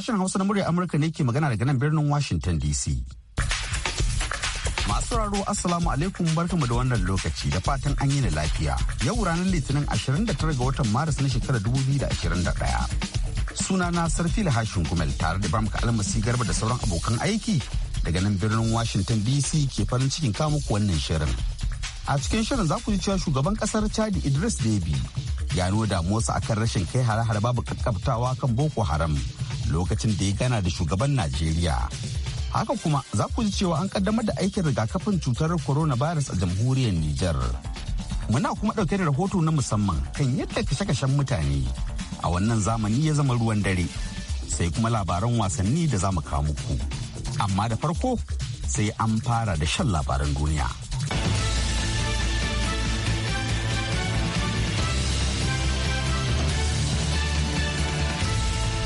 Sashen Hausa na murya Amurka ne ke magana daga nan birnin Washington DC. Masu raro Assalamu alaikum barkamu da wannan lokaci da fatan an yi ni lafiya. Yau ranar Litinin 29 ga watan Maris na shekarar 2021. sarfi Sarfila Hashin Gumel tare da Bamka Almasi Garba da sauran abokan aiki daga nan birnin Washington DC ke farin cikin ku wannan shirin. A cikin shirin za ku ji cewa shugaban kasar Chadi Idris debi ya nuna damuwarsa akan rashin kai hare-hare babu kakkabtawa kan Boko Haram lokacin da ya gana da shugaban najeriya haka kuma za ku ji cewa an kaddamar da aikin rigakafin cutar corona coronavirus a jamhuriyar nijar muna kuma ɗauke da rahoto na musamman kan yadda kashe-kashen mutane a wannan zamani ya zama ruwan dare sai kuma labaran wasanni da za mu kawo muku amma da farko sai an fara da shan labaran duniya.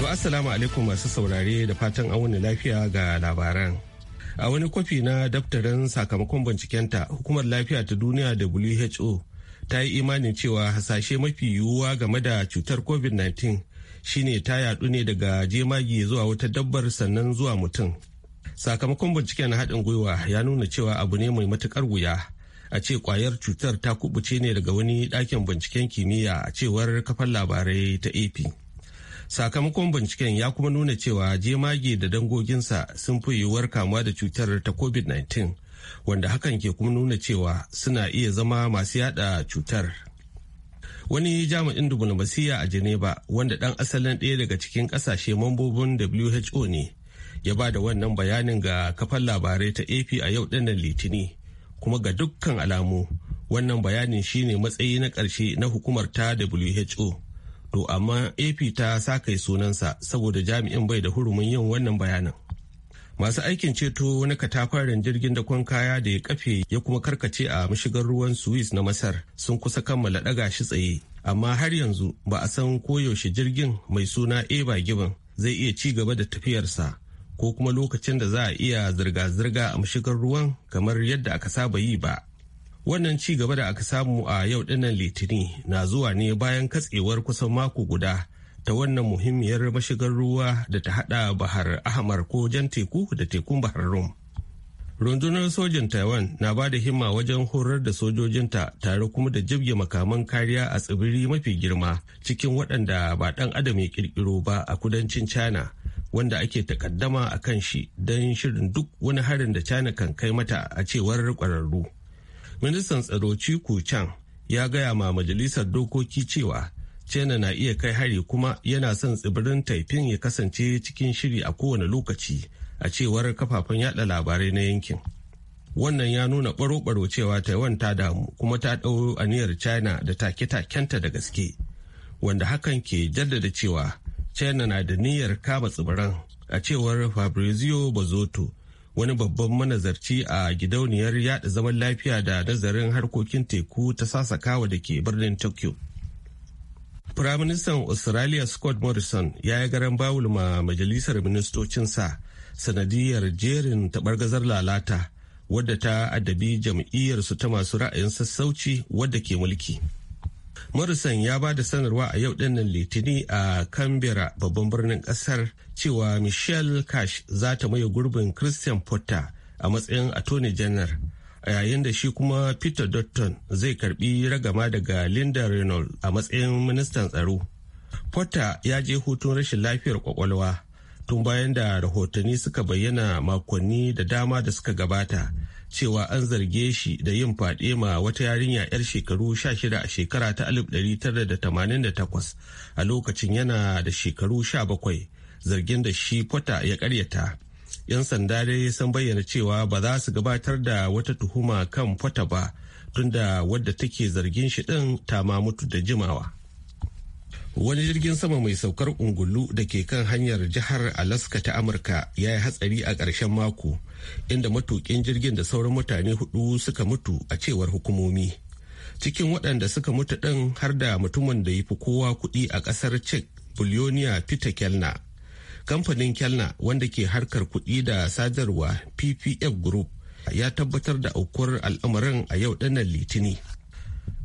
To Assalamu alaikum masu saurare da fatan an wani lafiya ga labaran. A wani kwafi na daftarin sakamakon bincikenta hukumar lafiya ta duniya WHO ta yi imanin cewa hasashe mafi yiwuwa game da cutar COVID-19 shine ta yadu ne daga jemagi zuwa wata dabbar sannan zuwa mutum. Sakamakon binciken haɗin gwiwa ya nuna cewa abu ne mai matuƙar wuya. A ce kwayar cutar ta kubuce ne daga wani ɗakin binciken kimiyya a cewar kafar labarai ta AP. sakamakon binciken ya kuma nuna cewa jemage da dangoginsa sun fi yiwuwar kamuwa da cutar ta covid-19 wanda hakan ke kuma nuna cewa suna iya zama masu yada cutar wani jami'in diflomasiyya a geneva wanda dan asalin ɗaya daga cikin ƙasashe mambobin who ne ya ba da wannan bayanin ga kafan labarai ta ap a yau ɗinnan litini kuma ga dukkan alamu wannan bayanin shine matsayi na ƙarshe na hukumar ta who To amma AP ta yi sunansa saboda jami'in bai da hurumin yin wannan bayanin. masu aikin ceto na katafaren jirgin dakon kaya da ya kafe ya kuma karkace a mashigar ruwan suez na masar sun kusa kammala daga shi tsaye amma har yanzu ba a san koyaushe jirgin mai suna eba giban zai iya ci gaba da tafiyarsa ko kuma lokacin da za a iya zirga-zirga a mashigar ruwan kamar yadda aka saba yi ba Wannan ci gaba da aka samu a yau dinnan litini na zuwa ne bayan katsewar kusan mako guda ta wannan muhimmiyar mashigar ruwa da ta hada bahar Ahmar ko jan teku da tekun bahar Rum. Rundunar sojin Taiwan na ba da himma wajen horar da sojojinta tare kuma da jibge makaman kariya a tsibiri mafi girma cikin waɗanda ba ɗan adam ya ƙirƙiro ba a kudancin China wanda ake takaddama a kan shi don shirin duk wani harin da China kan kai mata a cewar ƙwararru. ministan tsaro chiku chang ya gaya ma majalisar dokoki cewa china na iya kai hari kuma yana son tsibirin taifin ya kasance cikin shiri a kowane lokaci a cewar kafafen yada labarai na yankin wannan ya nuna baro-baro cewa taiwan ta damu kuma ta ɗau aniyar china da take-takenta da gaske wanda hakan ke jaddada cewa china na da niyyar kama tsibiran a cewar fabrizio bazoto wani babban manazarci a gidauniyar yada zaman lafiya da nazarin harkokin teku ta sasakawa da ke birnin tokyo firaministan australia scott morrison ya yi garan bawul ma majalisar ministocinsa sanadiyar jerin taɓargazar lalata wadda ta addabi jam'iyyarsu ta masu ra'ayin sassauci wadda ke mulki morrison ya ba da sanarwa a yau dinnan litini a canberra babban birnin kasar cewa michelle cash za ta maye gurbin christian potter a matsayin attorney general a yayin da shi kuma peter dutton zai karbi ragama daga linda reynolds a matsayin ministan tsaro potter ya je hutun rashin lafiyar kwakwalwa tun bayan da rahotanni suka bayyana makonni da dama da suka gabata cewa an zarge shi da yin fade ma wata yarinya 'yar shekaru 16 a shekara ta 1988 a lokacin yana da shekaru 17 zargin da shi kwata ya karyata. 'Yan sanda dai sun bayyana cewa ba za su gabatar da wata tuhuma kan kwata ba tunda wadda take zargin shi ɗin ta ma mutu da jimawa. wani jirgin sama mai saukar ungulu da ke kan hanyar jihar alaska ta amurka ya yi hatsari a ƙarshen mako inda matuƙin jirgin da sauran mutane hudu suka mutu a cewar hukumomi cikin waɗanda suka mutu ɗin har da mutumin da ya fi kowa kuɗi a ƙasar cik buliyoniya peter kelna kamfanin kelna wanda ke harkar kuɗi da sadarwa ppf group ya tabbatar da aukuwar al'amarin a yau ɗanar litini.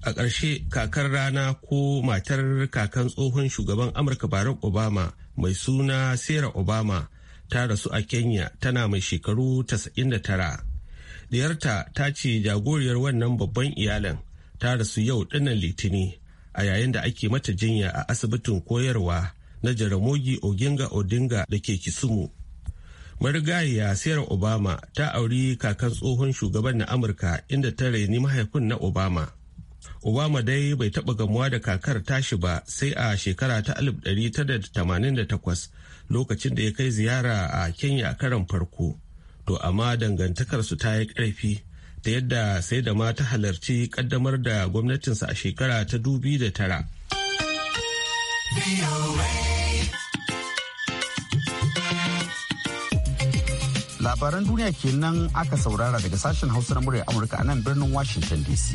a ƙarshe kakar rana ko matar kakan tsohon shugaban amurka barack obama mai suna sarah obama ta rasu a kenya tana mai shekaru 99 diyarta ta ce jagoriyar wannan babban iyalin ta rasu yau dinnan litini a yayin da ake mata jinya a asibitin koyarwa na jaramogi oginga odinga da ke kisumu marigayiya sarah obama ta auri kakan tsohon shugaban na amurka inda ta raini mahaifin na obama obama dai bai taɓa gamuwa da kakar tashi ba sai a shekara ta 1988 lokacin da ya kai ziyara a kenya karan farko to amma dangantakarsu ta yi ƙarfi ta yadda sai da ma ta halarci kaddamar da gwamnatinsa a shekara ta dubi da tara. labaran duniya kenan aka saurara daga sashen hausa na muryar amurka a nan birnin washington dc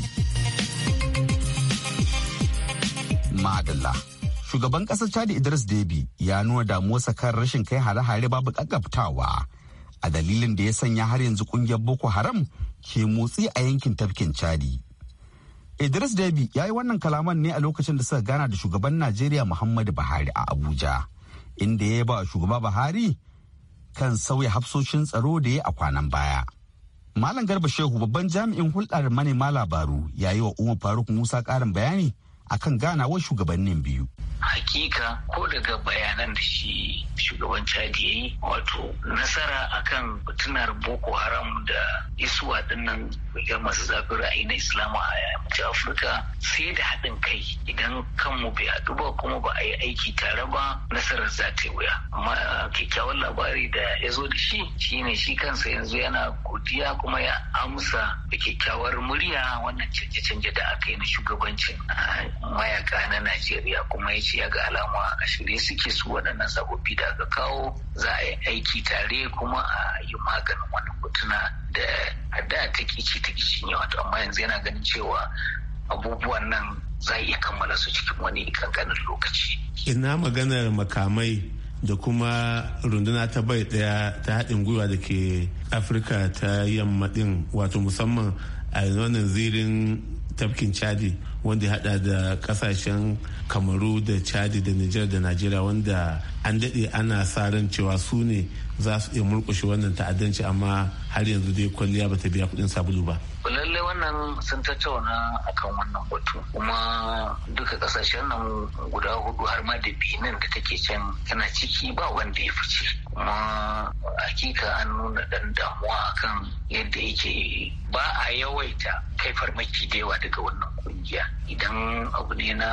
Madalla. Shugaban ƙasar Chad Idris Deby ya nuna damuwarsa kan rashin kai hare-hare babu ƙaggabtawa. A dalilin da ya sanya har yanzu ƙungiyar Boko Haram ke motsi a yankin tafkin Chadi. Idris Deby ya yi wannan kalaman ne a lokacin da suka gana da shugaban Najeriya Muhammadu Buhari a Abuja, inda ya ba shugaba Buhari kan sauya hafsoshin tsaro da ya a kwanan baya. Malam Garba Shehu babban jami'in hulɗar manema labaru ya yi wa Umar Faruk Musa ƙarin bayani akan ganawar shugabannin biyu hakika ko daga bayanan da shi shugaban chadi ya yi wato nasara akan fitinar boko haram da isuwa dinnan ga masu zafin ra'ayi na islamu a yammacin afirka sai da haɗin kai idan kanmu bai haɗu ba kuma ba a yi aiki tare ba nasarar za ta wuya amma kyakkyawan labari da ya zo da shi shine shi kansa yanzu yana godiya kuma ya amsa da kyakkyawar murya wannan canje-canje da aka yi na shugabancin ah, mayaka na najeriya kuma ya ce ya ga alama a shirye suke su waɗannan sababbi da aka kawo za a yi aiki tare kuma a yi maganin wani hotuna da a da ta kici ta kici ne wato amma yanzu yana ganin cewa abubuwan nan za a iya kammala su cikin wani kankanin lokaci. Ina maganar makamai da kuma runduna ta bai daya ta haɗin gwiwa da ke afirka ta yamma din wato musamman a wannan zirin tafkin chadi wanda ya hada da kasashen kamaru da chadi da niger da najeriya wanda an daɗe ana sa ran cewa su ne za su iya murkushe wannan ta'addanci amma har yanzu dai kwalliya ba ta biya kuɗin sabulu ba lalle wannan sun tattauna akan wannan batu kuma duka kasashen nan guda hudu har ma da benin da take can tana ciki ba wanda ya fice kuma hakika an nuna dan damuwa akan yadda yake ba a yawaita kai farmaki da yawa daga wannan kungiya idan abu ne na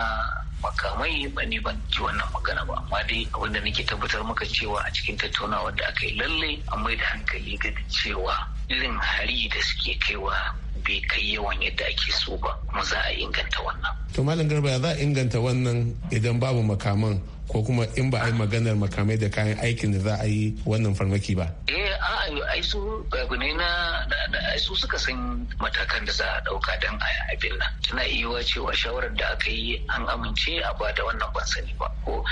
makamai ba ne ban ji wannan magana ba amma dai abinda nake tabbatar maka cewa a cikin tattaunawa da aka yi lalle amma mai da hankali ga cewa irin hari da suke kaiwa bai kai yawan yadda ake so ba kuma za a inganta wannan. to malam garba za a inganta wannan idan babu makaman ko kuma in ba a yi maganar makamai da kayan aikin da za a yi wannan farmaki ba. eh a'a ai su abu ne na ai su suka san matakan da za a dauka dan a abin nan tana iya cewa shawarar da aka yi an amince a ba da wannan ban sani ba ko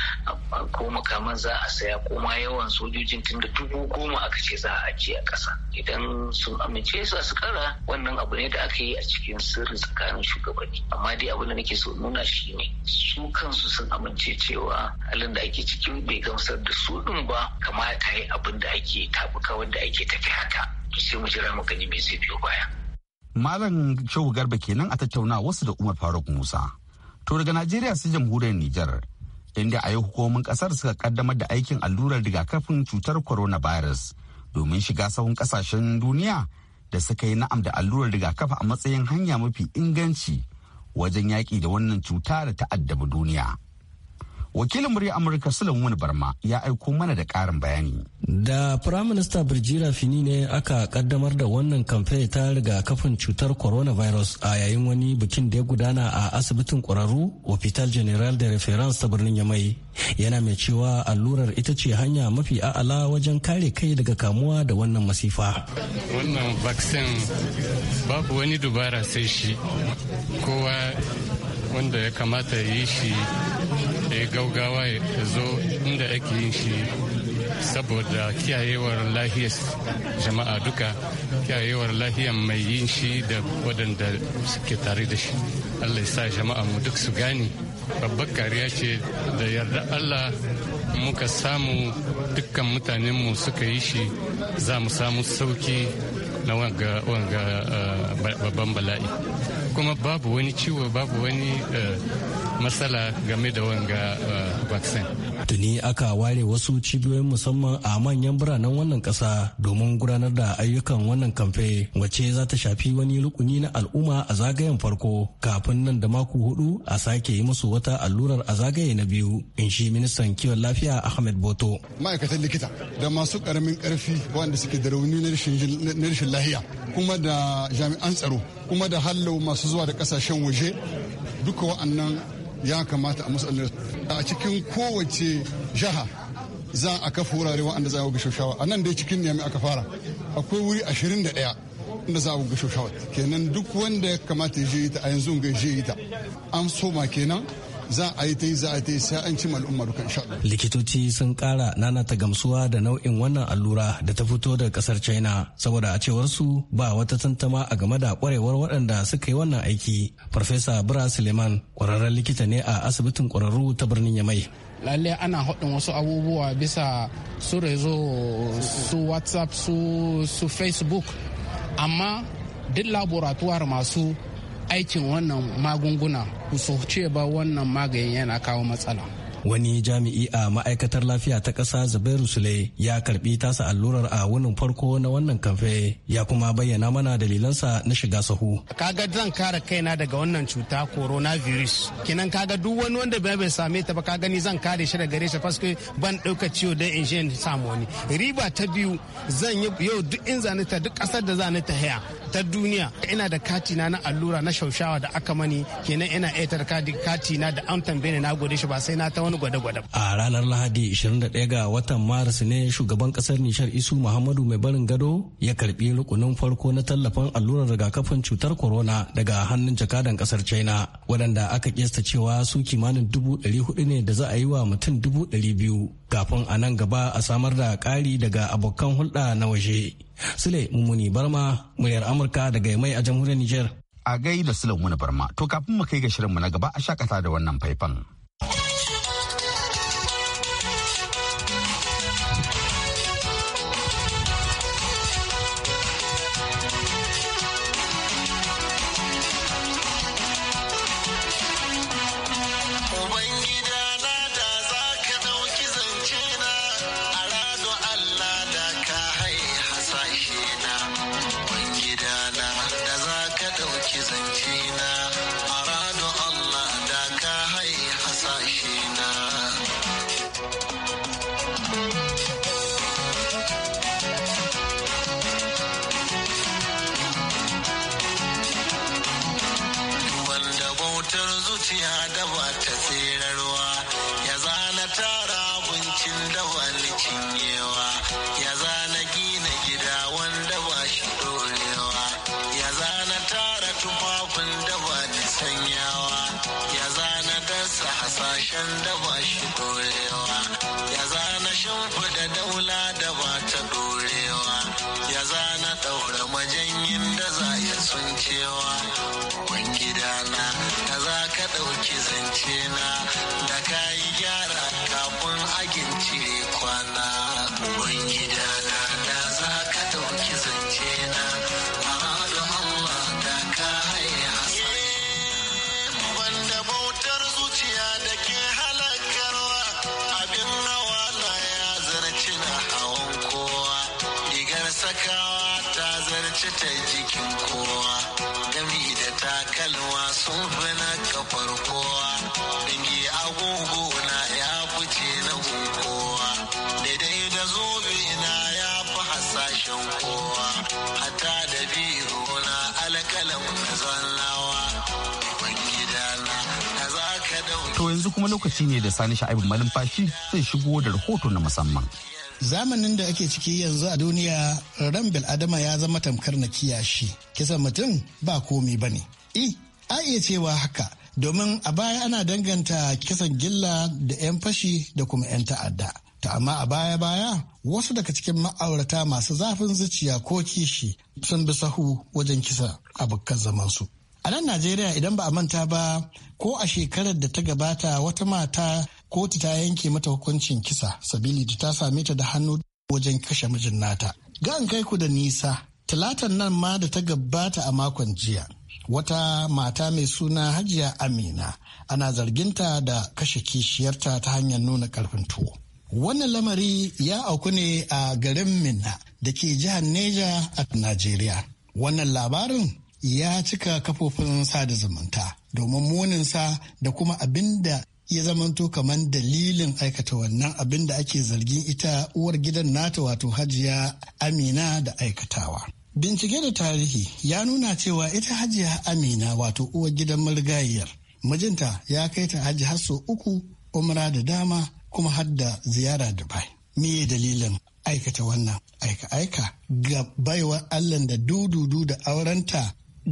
ko makaman za a saya ko ma yawan sojojin tunda dubu goma aka ce za a ajiye a ƙasa idan sun amince su su kara wannan abu ne da aka yi a cikin sirri tsakanin shugabanni amma dai abin da nake so nuna shi ne su kansu sun amince cewa halin da ake cikin bai gamsar da su din ba kamata yi abin da ake tabuka wanda ake tafi haka to sai mu jira mu gani me zai biyo baya. Malam Shehu Garba kenan a tattauna wasu da Umar Faruk Musa. To daga Najeriya sai jamhuriyar Nijar inda a yau hukumomin kasar suka kaddamar da aikin allurar rigakafin cutar coronavirus domin shiga sahun kasashen duniya da suka yi na'am da allurar rigakafi a matsayin hanya mafi inganci wajen yaƙi da wannan cuta da ta addabi duniya. wakilin murya amurka sulaiman barma ya aiko mana da karin bayani da firaminista birjira fini ne aka kaddamar da wannan kamfe ta kafin cutar coronavirus a yayin wani bikin da ya gudana a asibitin kwararru hospital general de reference ta birnin yamai yana mai cewa allurar ita ce hanya mafi a'ala wajen kare kai daga kamuwa da wannan masifa wannan vaccine babu wani dubara sai shi kowa wanda ya kamata yi shi ya eh, gaugawa ya zo inda ake yin shi saboda kiyayewar lahiyar jama'a duka kiyayewar lahiyar mai yin shi da waɗanda suke tare da shi allah ya sa jama'a mu duk su gani babbar kariya ce da yarda allah muka samu dukkan mu suka yi shi za mu samu sauki na wanga eh, babban bala'i kuma babu wani ciwo babu wani eh, matsala game da wanga eh, vaccine. Tuni aka ware wasu cibiyoyin musamman a manyan biranen wannan kasa domin gudanar da ayyukan wannan kamfe wacce za ta shafi wani rukuni na al'umma a zagayen farko kafin nan da mako hudu a sake yi musu wata allurar a zagaye na biyu in shi ministan kiwon lafiya Ahmed Boto. Ma'aikatan likita da masu karamin karfi wanda suke da rauni na rashin lahiya kuma da jami'an tsaro kuma da hallo masu zuwa da kasashen waje duka wa'annan ya kamata a matsalar a cikin kowace jiha za a kafa wurare wa'anda za a wuga shoshawa a nan dai cikin niyami aka fara akwai wuri 21 inda za a wuga shoshawa kenan duk wanda ya kamata ya je ita a yanzu ga je ta an soma kenan za a yi ta yi za a ta yi sai an ci al'umma duka insha Allah. Likitoci sun kara nanata gamsuwa da nau'in wannan allura da ta fito daga kasar China saboda a cewar su ba wata tantama a game da kwarewar waɗanda suka yi wannan aiki. Farfesa Bura Suleiman kwararren likita ne a asibitin kwararru ta birnin Yamai. lalle ana haɗin wasu abubuwa bisa su rezo su whatsapp su facebook amma duk laboratuwar masu aikin wannan magunguna ku ce ba wannan maganin yana kawo matsala wani jami'i a ma'aikatar lafiya ta ƙasa zubairu sule ya karbi tasa allurar a wunin farko na wannan kamfe ya kuma bayyana mana dalilansa na shiga sahu kaga zan kare kaina daga wannan cuta virus kenan kaga duk wani wanda bai same ta ba ka gani zan kare shi daga gare shi ban ɗauka ciwo don in shan samu wani riba ta biyu zan yi yau duk in zani ta duk ƙasar da zani ta haya ta duniya ina da katina na allura na shaushawa da aka mani kenan ina iya tarka na da an tambaye na gode shi ba sai na ta wani gwada-gwada. A ranar Lahadi 21 ga watan Maris ne shugaban kasar Nishar Isu Muhammadu mai barin gado ya karbi rukunin farko na tallafin allurar rigakafin cutar corona daga hannun jakadan kasar China waɗanda aka kesta cewa su kimanin dubu ɗari hudu ne da za a yi wa mutum dubu ɗari biyu kafin a nan gaba a samar da ƙari daga abokan hulɗa na waje. Sule Mummuni Barma, muryar Amurka daga mai a jamhuriyar Nijar. a gaida da Sulaimu Barma. To kafin mu kai ga shirinmu na gaba a shakata da wannan faifan. machine. na da ka yi gyara kafin agin cire kwana ubangida na da za ka ɗauki zance na amadu Allah da ka haye hasari banda bautar zuciya da ke halakarwa abin hawa na ya zarci na hawan kowa rigar sakawa ta zarce ta jikin kowa gami da takalma sun fi na kafar kowa agogo ya fice na daidai zobe na ya hasashen kowa da na To yanzu kuma lokaci ne da sani sha'ibin malumfashi zai shigo da rahoto na musamman. zamanin da ake ciki yanzu a duniya ran bil'adama ya zama tamkar na kiyashi kisan mutum ba komi ba ne i a iya cewa haka domin a baya ana danganta kisan gilla da 'yan fashi da kuma 'yan ta'adda ta amma a baya-baya wasu daga cikin ma'aurata masu zafin zuciya ko kishi sun bi sahu wajen kisa abokan zamansu a nan najeriya idan ba a manta ba ko a shekarar da ta gabata wata mata kotu ta yanke mata hukuncin kisa sabili da ta same ta da hannu wajen kashe mijin nata ga an kai ku da nisa talatan nan ma da ta gabata a makon jiya wata mata mai suna hajiya amina ana zarginta da kashe kishiyarta ta hanyar nuna karfin tuwo wannan lamari ya auku ne a garin minna da ke jihar neja a najeriya wannan labarin ya cika kafofin sada zumunta domin muninsa da kuma abin da ya zamanto kamar dalilin aikata wannan abin da ake zargin ita uwar gidan nata wato hajiya amina da aikatawa Bincike da tarihi ya nuna cewa ita hajiya Amina wato uwar gidan marigayiyar. Mijinta ya kai ta hajji har sau uku, umra da dama kuma har da ziyara Dubai. Me dalilin aikata wannan aika-aika ga baiwar Allah da dududu da aurenta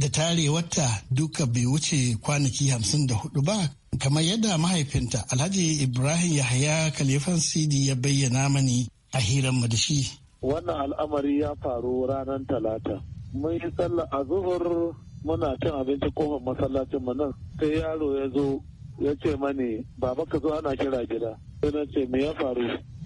da tarewarta duka bai wuce kwanaki hamsin da hudu ba kamar yadda mahaifinta alhaji ibrahim yahaya kalifan sidi ya bayyana mani a hiranmu da shi wannan al'amari ya faru ranar talata mun yi sallah a zuhur muna cin abinci kofar masallacin mu nan sai yaro ya zo ya ce mani baba ka zo ana kira gida sai na ce me ya faru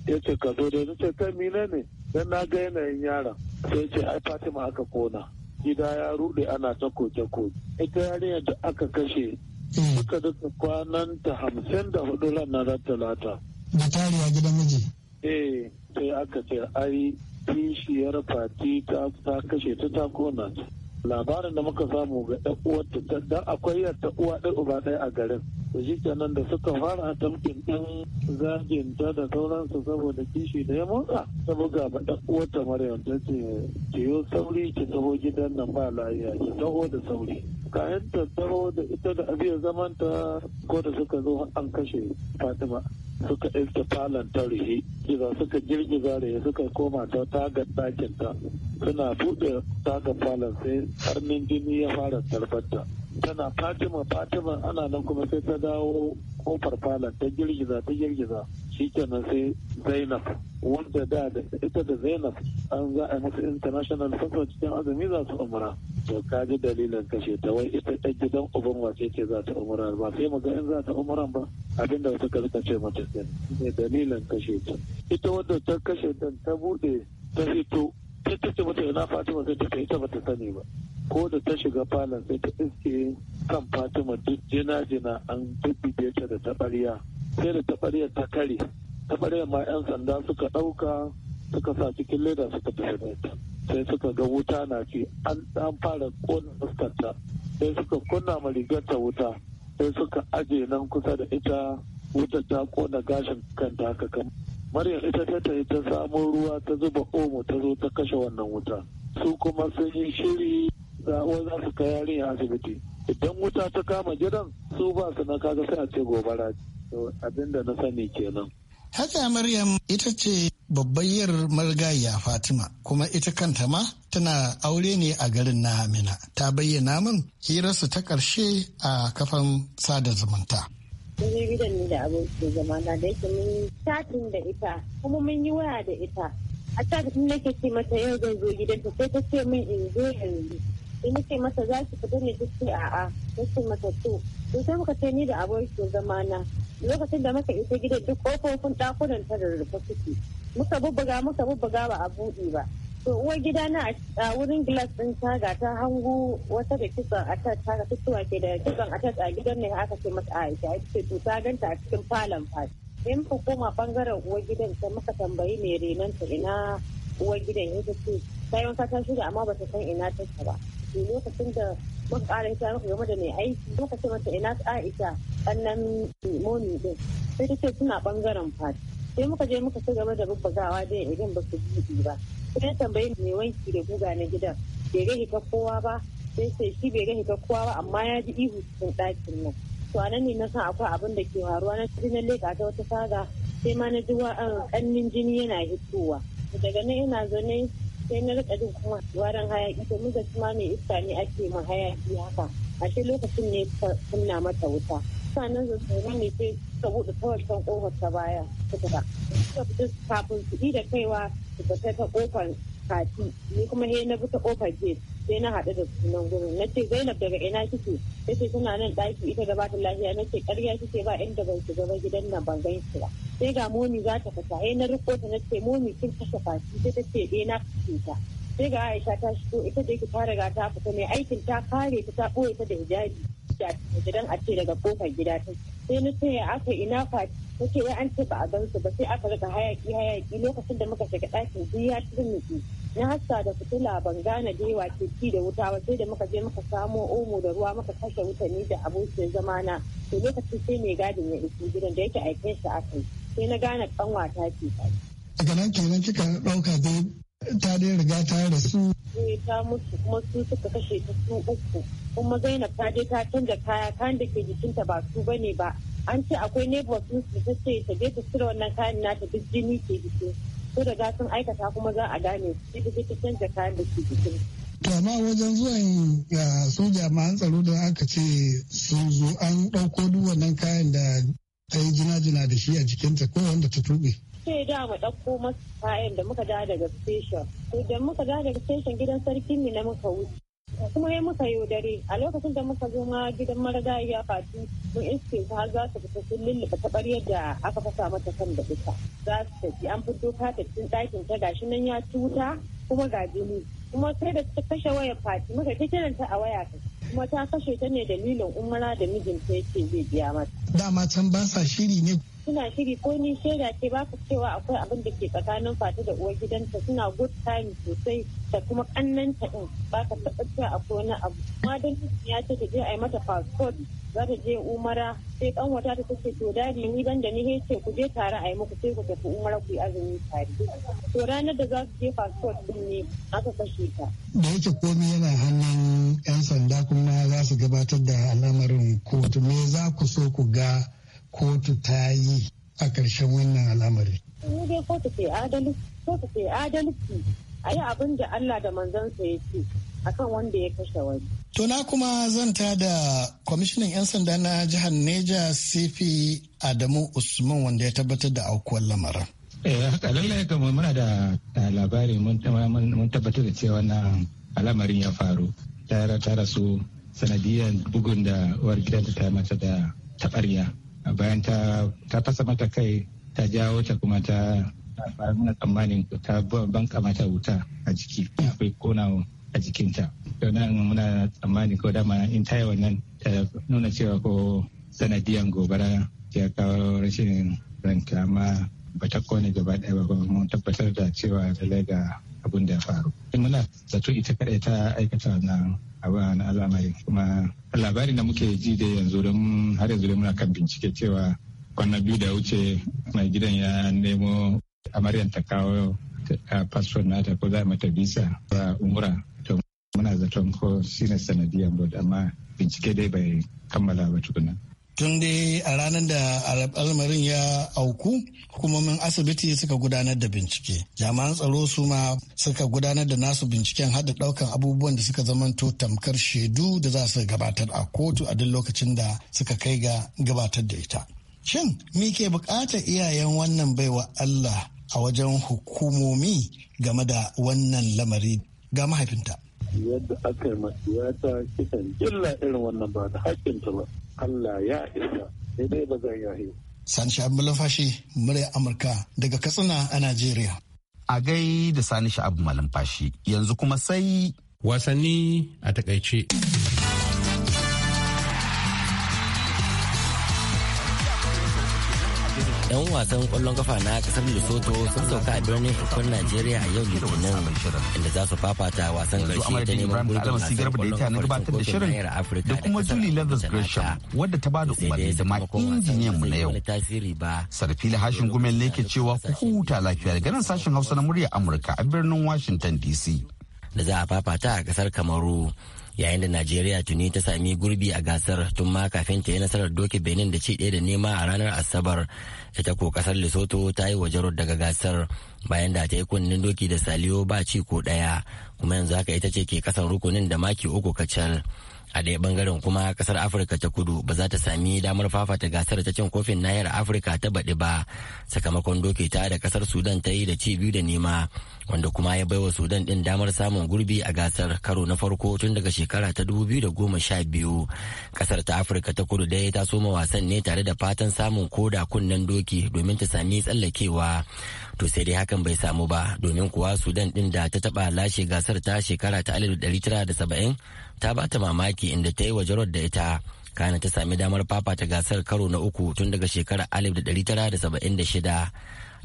ya ce ka zo da ce kai mina ne dan na ga yanayin yaron sai ce ai fatima aka kona gida ya rude ana ta koke koke ita yarinya da aka kashe duka eh. duka kwanan ta hamsin da hudu ranar talata Na tariya gidan miji eh sai aka ce ai kishiyar fati ta kashe ta ta kona labarin da muka samu ga ɗan uwarta ta akwai akwai yarta uwa ɗan uba ɗaya a garin to shi kenan da suka fara tamkin ɗan zagin ta da sauransu saboda kishi da ya motsa ta buga ba ɗan uwarta maryam ta ce ki sauri ki taho gidan nan ba lafiya ki taho da sauri kayan ta da ita da abiyar zaman ta ko da suka zo an kashe fatima suka iska falon ta rufe suka girgiza da suka koma ta tagar ɗakin suna buɗe tagar falon sai karnin jini ya fara tarbata. tana fatima fatima ana nan kuma sai ta dawo kofar falon ta girgiza ta girgiza Shi shikenan sai zainab wanda da ita da zainab an za a musu international fasfar cikin azumi za su umra to ka ji dalilin kashe ta wai ita ta gidan uban wace ce za ta umra ba sai mu ga in za ta umura ba abinda wasu ka ce mata sai dalilin kashe ta ita wadda ta kashe ta ta bude ta fito ta ce mata ina fatima sai ta ce ita bata sani ba ko da ta shiga falon sai ta iske kan fatima duk jina jina an dubbide ta da tabariya sai da tabariya ta kare tabarya ma 'yan sanda suka ɗauka suka sa cikin leda suka tafi da ita sai suka ga wuta na ce an dan fara kona fuskarta sai suka kunna ma rigar ta wuta sai suka aje nan kusa da ita wuta ta kona gashin kanta haka kan maryam ita ta tafi ta samo ruwa ta zuba omo ta zo ta kashe wannan wuta su kuma sun yi shiri za za su kai yarinya asibiti idan wuta ta kama gidan su ba su na kaga sai a ce gobara abinda na sani kenan Haka Maryam ita ce babbayar marigayya Fatima kuma ita kanta ma tana aure ne a garin na Amina. Ta bayyana min hirarsu ta ƙarshe a kafan sada zumunta. mun gidan ni da abokin zamana da yake mun yi da ita kuma mun yi waya da ita a in nake ce mata yau zan zo gidanta sai ta ce min in zo yanzu in nake mata za ki fita ne duk a a'a ta ce mata to to sai muka ce ni da abokin zamana lokacin da muka isa gidan duk kofofin dakunan ta da rufe suke muka bubbuga muka bubbuga ba a buɗe ba uwar gida na a wurin glass din taga ta hangu wata da kitson a taga fitowa ke da kitson a a gidan ne aka ce mata aisha ita ce to ta ganta a cikin falon fati in ku koma bangaren uwar gidan ta muka tambayi mai renon ina uwar gidan ita ce ta yi wata ta shirya amma ba ta san ina ta ba lokacin da muka ƙara ita muka game da mai aiki lokacin mata ina aisha ƙannan moni din sai ta ce suna bangaren fati sai muka je muka ci gaba da bubbugawa dai idan ba su ji ba sai tambayi mai wanki da guga na gidan bai ga ka kowa ba sai sai shi bai ga ka kowa ba amma ya ji ihu cikin ɗakin nan to a nan ne na san akwai abin da ke faruwa na cikin leka ta wata saga sai ma na ji kannin ah, jini yana hitowa daga nan ina zaune sai na rika jin kuma warin hayaki to muka ma mai iska ne ake ma hayaki haka a lokacin ne kunna mata wuta mutanen da tsoro ne sai suka buɗe ta baya ta baya suka da suka fita kafin su da kaiwa su fita ta kofar kati ni kuma he na fita kofar gate sai na haɗu da sunan gurin na ce zainab daga ina kike ta ce tana nan ɗaki ita da bata lafiya na ce ƙarya kike ba inda ban shiga ba gidan nan ban gan ba sai ga momi za ta fita he na riko ta na ce momi kin kashe fati sai ta ce eh na kashe ta sai ga aisha ta shigo ita da yake ta riga ta fita mai aikin ta kare ta ta ɓoye ta da hijabi ciki a waje a ce daga kofar gida ta sai na ce ya aka ina fati ta ce an ce ba a gan su ba sai aka rika hayaki hayaki lokacin da muka shiga ɗakin duk ya turmuki na hasa da fitila ban gane da yawa ke ci da wuta ba sai da muka je muka samo omo da ruwa muka kashe wuta ni da abokin na to lokacin sai mai gadin ya isi gidan da yake aikin shi aka yi sai na gane kanwata ce daga nan kenan kika ɗauka dai ta dai riga ta rasu. Eh, ta mutu kuma su suka kashe ta su uku kuma zainab ta je ta canza kaya kayan da ke jikinta ba su bane ba an ce akwai neighbors sun su ta ce ta je ta cire wannan kayan nata duk jini ke jikin su da sun aikata kuma za a gane su ta ta canza kayan da ke jikin to amma wajen zuwan soja jami'an tsaro da aka ce sun zo an ɗauko duk wannan kayan da ta yi jina-jina da shi a jikinta ko wanda ta tuɓe. sai da mu ɗauko masu kayan da muka da daga station to da muka da daga station gidan sarkin ne na muka wuce kuma ya muka yi dare a lokacin da muka zo ma gidan ya fati mun iske ta har za su fita sun ta ɓaryar da aka fasa mata kan da ita za su tafi an fito katakin ɗakin ta gashi nan ya ci wuta kuma ga jini kuma sai da ta kashe wayar fati muka ta ta a waya kuma ta kashe ta ne dalilin umara da mijinta yake zai biya mata. dama can ba sa shiri ne suna shiri ko ni shaida ce ba ku cewa akwai abin da ke tsakanin fata da uwar gidanta suna good time sosai da kuma kannanta din ba ka taɓa cewa akwai wani abu amma don ya ce ta je a yi mata passport za ta je umara sai ƙanwata ta take to dadi ni ban da ni ce ku je tare a yi muku sai ku tafi umara ku yi azumi tare to ranar da za su je passport din ne aka kashe ta da yake komai yana hannun yan sanda kuma za su gabatar da al'amarin kotu me za ku so ku ga kotu ta yi a ƙarshen wannan al'amari. dai kotu ke adalci, kotu ce adalci a yi abin da Allah da manzansa ya ce akan wanda ya kashe wani. To na kuma ta da kwamishinan 'yan sanda na jihar Neja Sifi Adamu Usman wanda ya tabbatar da aukuwar lamarin. Eh haka lallai kama muna da eh, labari mun tabbatar da cewa na al'amarin ya faru. Ta rasu sanadiyar bugun da uwar gidanta ta mata da taɓarya. bayan ta fasa mata kai ta jawo ta kuma ta fara tsammanin ta banka mata wuta a jiki akwai konawa a jikinta nan muna tsammanin ko dama in ta yi wannan ta nuna cewa ko sanadiyan gobara ya kawo rashin ranka amma ba ta kone gaba ɗaya ba mun tabbatar da cewa lallai da. abin da ya faru muna zato ita kaɗai ta aikata na na al'amari kuma labari da muke ji da yanzu don har yanzu da muna kan bincike cewa kwana biyu da wuce mai gidan ya nemo amaryan ta kawo passport nata ko za mata visa ba umura to muna zaton ko shine sanadiyan amma bincike dai bai kammala ba tukuna tun dai a ranar da al'amarin ya auku hukumomin asibiti suka gudanar da bincike jami'an tsaro su ma suka gudanar da nasu binciken hada daukan abubuwan da suka zamanto tamkar shaidu da za su gabatar a kotu a duk lokacin da suka kai ga gabatar da ita shin me ke bukatar iyayen wannan baiwa allah a wajen hukumomi game da wannan lamari ga mahaifinta yadda aka yi masu yata kisan illa irin wannan ba da haƙƙinta ba Allah ya isa sai dai ba zan yahi. Sani Sha'ab Malafashi, murya Amurka daga Katsina a Najeriya. A gai da Sani Sha'ab Malafashi yanzu kuma sai wasanni a takaice. 'yan wasan kwallon kafa na kasar lesotho sun sauka a birnin ikon najeriya a yau litinin inda za su fafata wasan karshe ta neman gurbin wasan kwallon kafa da shirin da kuma julie leathers gresham wadda ta bada umarni da ma injiniyan mu na yau sarfila hashin gumen ne ke cewa ku huta lafiya daga nan sashen hausa na murya amurka a birnin washington dc da za a fafata a kasar kamaru yayin da najeriya tuni ta sami gurbi a gasar tun ma kafin ta yi nasarar doke benin da ci ɗaya da nema a ranar asabar ita ko kasar lesotho ta yi wajen daga gasar bayan da ta yi kunnen doki da saliyo ba ci ko ɗaya kuma yanzu haka ita ce ke kasan rukunin da maki uku kacal a daya bangaren kuma kasar afirka ta kudu ba za ta sami damar fafata gasar ta cin kofin nahiyar afirka ta baɗi ba sakamakon doki ta da kasar sudan ta yi da ci biyu da nema wanda kuma ya baiwa sudan ɗin damar samun gurbi a gasar karo na farko tun daga shekara ta biyu kasar ta afirka ta kudu dai ta soma wasan ne tare da fatan samun koda kunnen doki domin ta sami tsallakewa to sai dai hakan bai samu ba domin kuwa sudan ɗin da ta taɓa lashe gasar ta shekara ta 1970 ta bata mamaki inda ta yi wa jarod da ita kana ta sami damar fafata gasar karo na uku tun daga shekarar 1976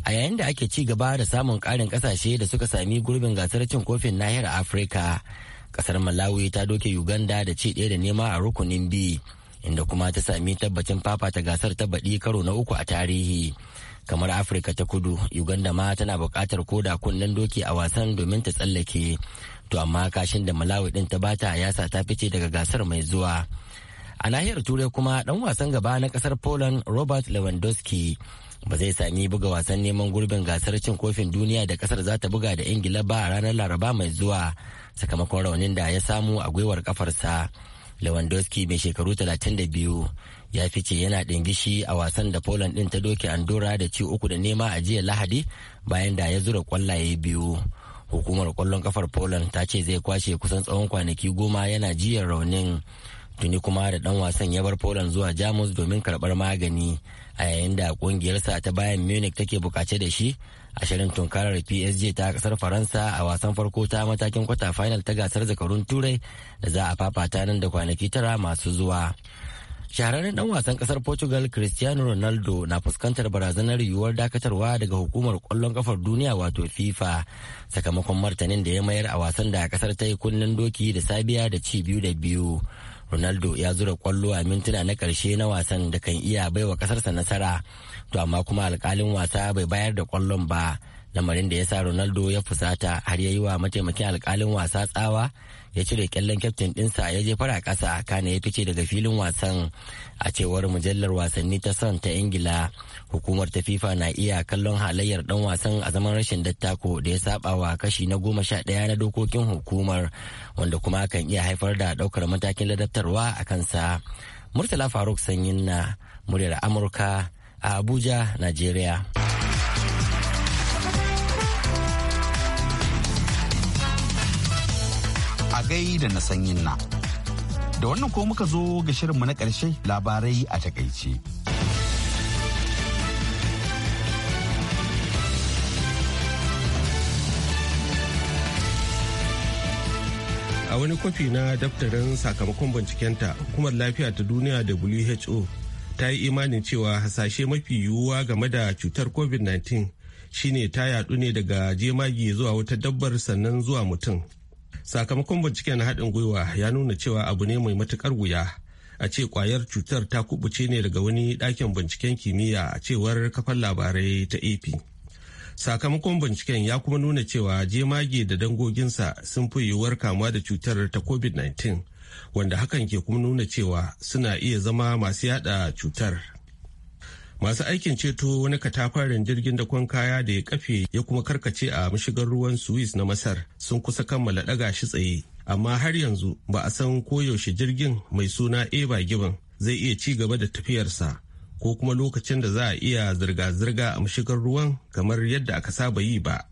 a yayin da ake ci gaba da samun karin kasashe da suka sami gurbin gasar cin kofin nahiyar afirka kasar malawi ta doke uganda da ci ɗaya da nema a rukunin b inda kuma ta sami tabbacin fafata gasar ta baɗi karo na uku a tarihi kamar afirka ta kudu uganda ma tana buƙatar koda kunnen doki a wasan domin ta tsallake to amma kashin da malawi din ta bata yasa ta fice daga gasar mai zuwa a nahiyar turai kuma dan wasan gaba na kasar poland robert lewandowski ba zai sami buga wasan neman gurbin gasar cin kofin duniya da kasar za ta buga da ingila ba a ranar laraba mai zuwa sakamakon raunin da ya samu a gwiwar kafarsa lewandowski mai shekaru 32 ya fice yana ɗingishi a wasan da poland din ta doke andorra da ci uku da nema a jiya lahadi bayan da ya zura kwallaye biyu hukumar kwallon kafar poland ta ce zai kwashe kusan tsawon kwanaki goma yana jiyar raunin tuni kuma da dan wasan ya bar poland zuwa jamus domin karbar magani a yayin da kungiyarsa ta bayan munich take bukace da shi a shirin tunkarar psg ta kasar faransa a wasan farko ta matakin kwata final ta gasar zakarun turai da za a fafata nan da kwanaki tara masu zuwa shahararren dan wasan kasar portugal cristiano ronaldo na fuskantar barazanar yiwuwar dakatarwa daga hukumar kwallon kafar duniya wato fifa sakamakon martanin da ya mayar a wasan da kasar ta yi kunnen doki da sabiya da ci biyu da biyu ronaldo ya zura kwallo a mintuna na karshe na wasan da kan iya baiwa kasarsa nasara to amma kuma alkalin wasa bai bayar da kwallon ba lamarin da ya sa ronaldo ya fusata har ya yi wa mataimakin alkalin wasa tsawa ya cire kyallen kyaftin dinsa ya jefar a ƙasa kane ya fice daga filin wasan a cewar mujallar wasanni ta son ta ingila hukumar ta fifa na iya kallon halayyar dan wasan a zaman rashin dattako da ya saba wa kashi na goma sha ɗaya na dokokin hukumar wanda kuma kan iya haifar da ɗaukar matakin ladabtarwa a kansa murtala faruk sanyin na muryar amurka a abuja nigeria. gai da na sanyin na. Da wannan ko muka zo ga shirinmu na ƙarshe labarai a takaice. A wani kwafi na daftarin sakamakon bincikenta hukumar lafiya ta duniya WHO ta yi imanin cewa hasashe mafi yiwuwa game da cutar covid-19 shine ta yadu ne daga jemage zuwa wata dabbar sannan zuwa mutum sakamakon binciken haɗin gwiwa ya nuna cewa abu ne mai matuƙar wuya a ce kwayar cutar ta kubuce ne daga wani ɗakin binciken kimiyya a cewar kafar labarai ta ap sakamakon binciken ya kuma nuna cewa jemage da dangoginsa sun fi yiwuwar kamuwa da cutar ta covid-19 wanda hakan ke kuma nuna cewa suna iya zama masu yada cutar masu aikin ceto wani katafaren jirgin da kwan kaya da ya kafe ya kuma karkace a mashigar ruwan suwis na masar sun kusa kammala daga shi tsaye amma har yanzu ba a san koyaushe jirgin mai suna eva gibbon zai iya ci gaba da tafiyarsa ko kuma lokacin da za a iya zirga-zirga a mashigar ruwan kamar yadda aka saba yi ba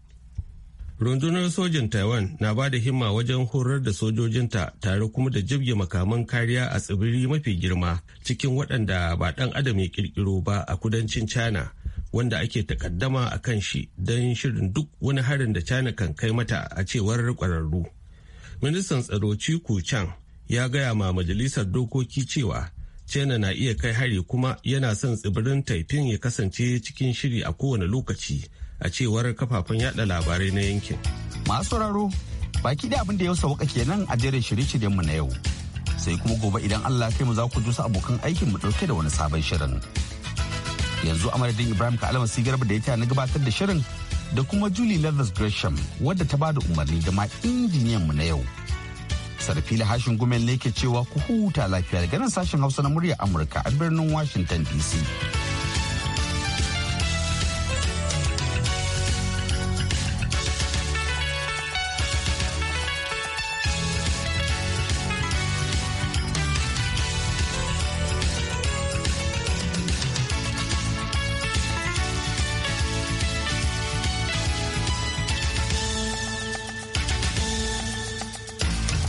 rundunar sojin taiwan na ba da himma wajen horar da sojojinta tare kuma da jibge makaman kariya a tsibiri mafi girma cikin waɗanda ba ɗan adam ya ƙirƙiro ba a kudancin china wanda ake takaddama a kan shi don shirin duk wani harin da china kan kai mata a cewar ƙwararru ministan tsaro chiku chang ya gaya ma majalisar dokoki cewa china na iya kai hari kuma yana son tsibirin taifin ya kasance cikin shiri a kowane lokaci a cewar kafafen yada labarai na yankin. Masu sauraro baki da abin da ya sauka kenan a jerin shirye mu na yau. Sai kuma gobe idan Allah kai mu za ku jusa abokan aikin mu dauke da wani sabon shirin. Yanzu a madadin Ibrahim ka alama garba da ya na gabatar da shirin da kuma Julie Leathers Gresham wadda ta bada umarni da ma injiniyan mu na yau. Sarfila hashin gumen ne ke cewa ku huta lafiya daga nan sashen Hausa na murya Amurka a birnin Washington DC.